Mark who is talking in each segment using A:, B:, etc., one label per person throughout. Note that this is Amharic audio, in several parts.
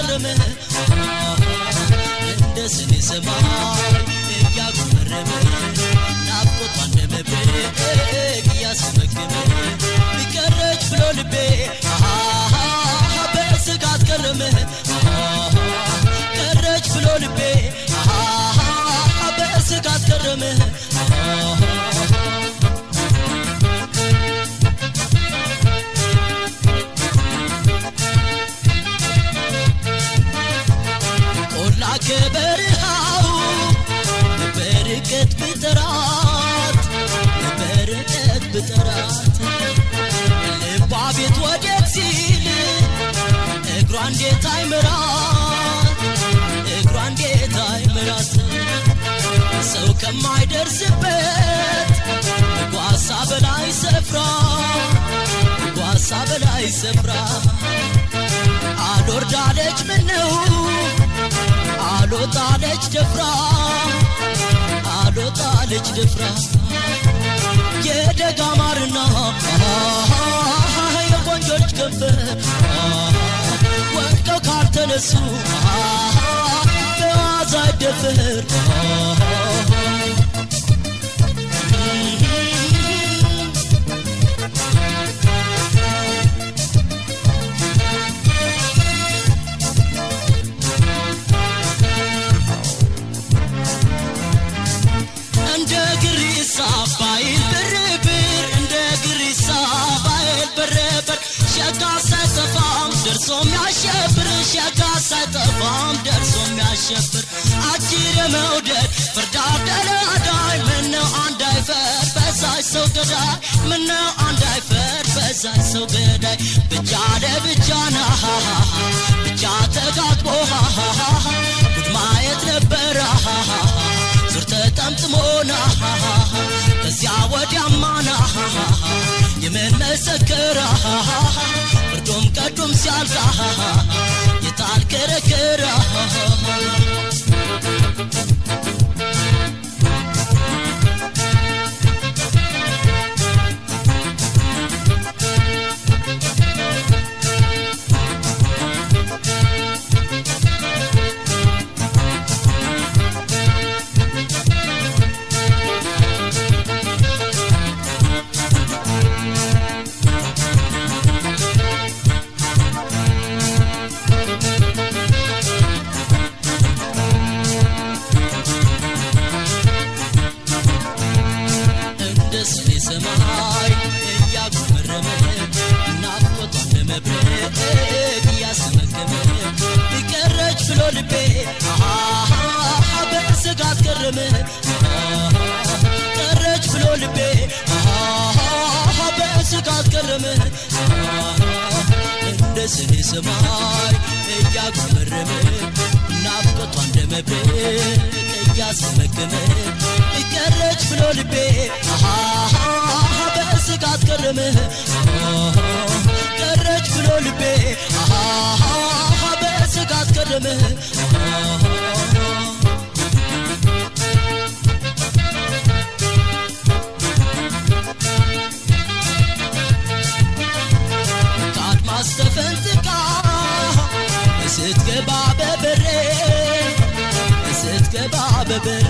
A: ሸለመ እንደ ስኒ ሰማይ እያጉመረመ ናፍቆት ባነመበ እያስመገመ ሊቀረች ብሎ ልቤ በስጋት ቀረመ ቀረች ብሎ ልቤ በስጋት ቀረመ ከማይደርስበት ጓሳ በላይ ስፍራ ጓሳ በላይ ስፍራ አልወርዳለች ምነው አልወጣለች ደፍራ አልወጣለች ደፍራ የደጋ ማርና የቆንጆች ክንፍ ወድቀው ካልተነሱ በዋዛ ይደፍር ሸጋ ሳይጠፋም ደርሶ የሚያሸብር ሸጋ ሳይጠፋም ደርሶ የሚያሸብር አጅር የመውደድ ፍርዳ ደላዳይ ምነው አንዳይፈር በዛች ሰው ገዳይ ምነው አንዳይፈር በዛች ሰው ገዳይ ብቻ ለብቻ ና ብቻ ተጋጥሞ ጉድ ማየት ነበረ ዙር ተጠምጥሞና መሰከራ ፍርዶም ቀዶም ሲያልዛ የታልከረከራ ዓለምን ቀረች ብሎ ልቤ በስቃት ገረመ እንደ ስኔ ሰማይ እያጉመረመ ናፍቆቷ እንደ መብረቅ እያስመከመ ቀረች ብሎ ልቤ በስቃት ገረመ ቀረች ብሎ ልቤ በስቃት ገረመ ስትገባ በበሬ ስትገባ በበሬ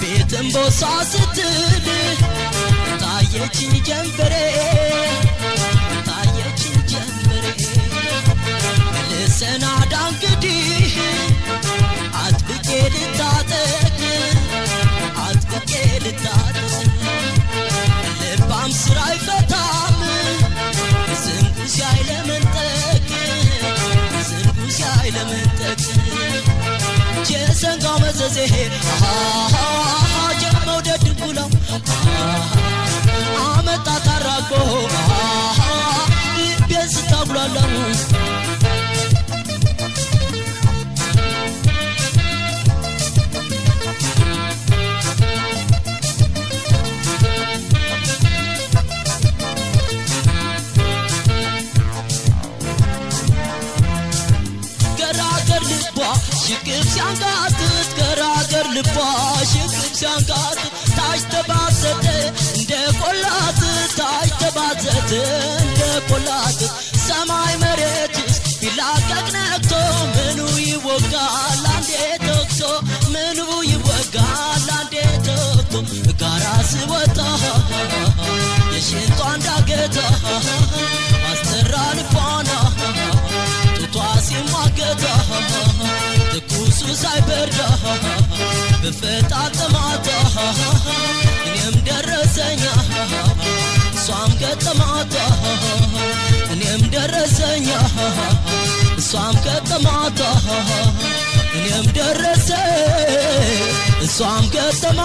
A: ቤትም ቦሳ ስትል ታየችኝ ጀንበሬ መዘዝሄ ጀር መውደድ አመጣ ታራቆ ልቤን ስታጉላላው ሽቅብ ሲያንጋት ገራገር ልባ ሽቅብ ሲያንጋጥት ታች ተባዘተ እንደ ቆላት ታች ተባዘተ እንደ ቆላት ሰማይ መሬትስ ቢላቀቅ ነቅቶ ምኑ ይወጋል አንዴ ተኩሶ ምኑ ይወጋል አንዴ ተኩሶ ጋራ ስወጣ የሽንጧ እንዳገታ ሳይበርዳ በፈጣጥማታ እኔም ደረሰኛ እሷም ገጠማታ እኔም ደረሰኛ እሷም ገጠማታ እኔም ደረሰ እሷም ገጠማ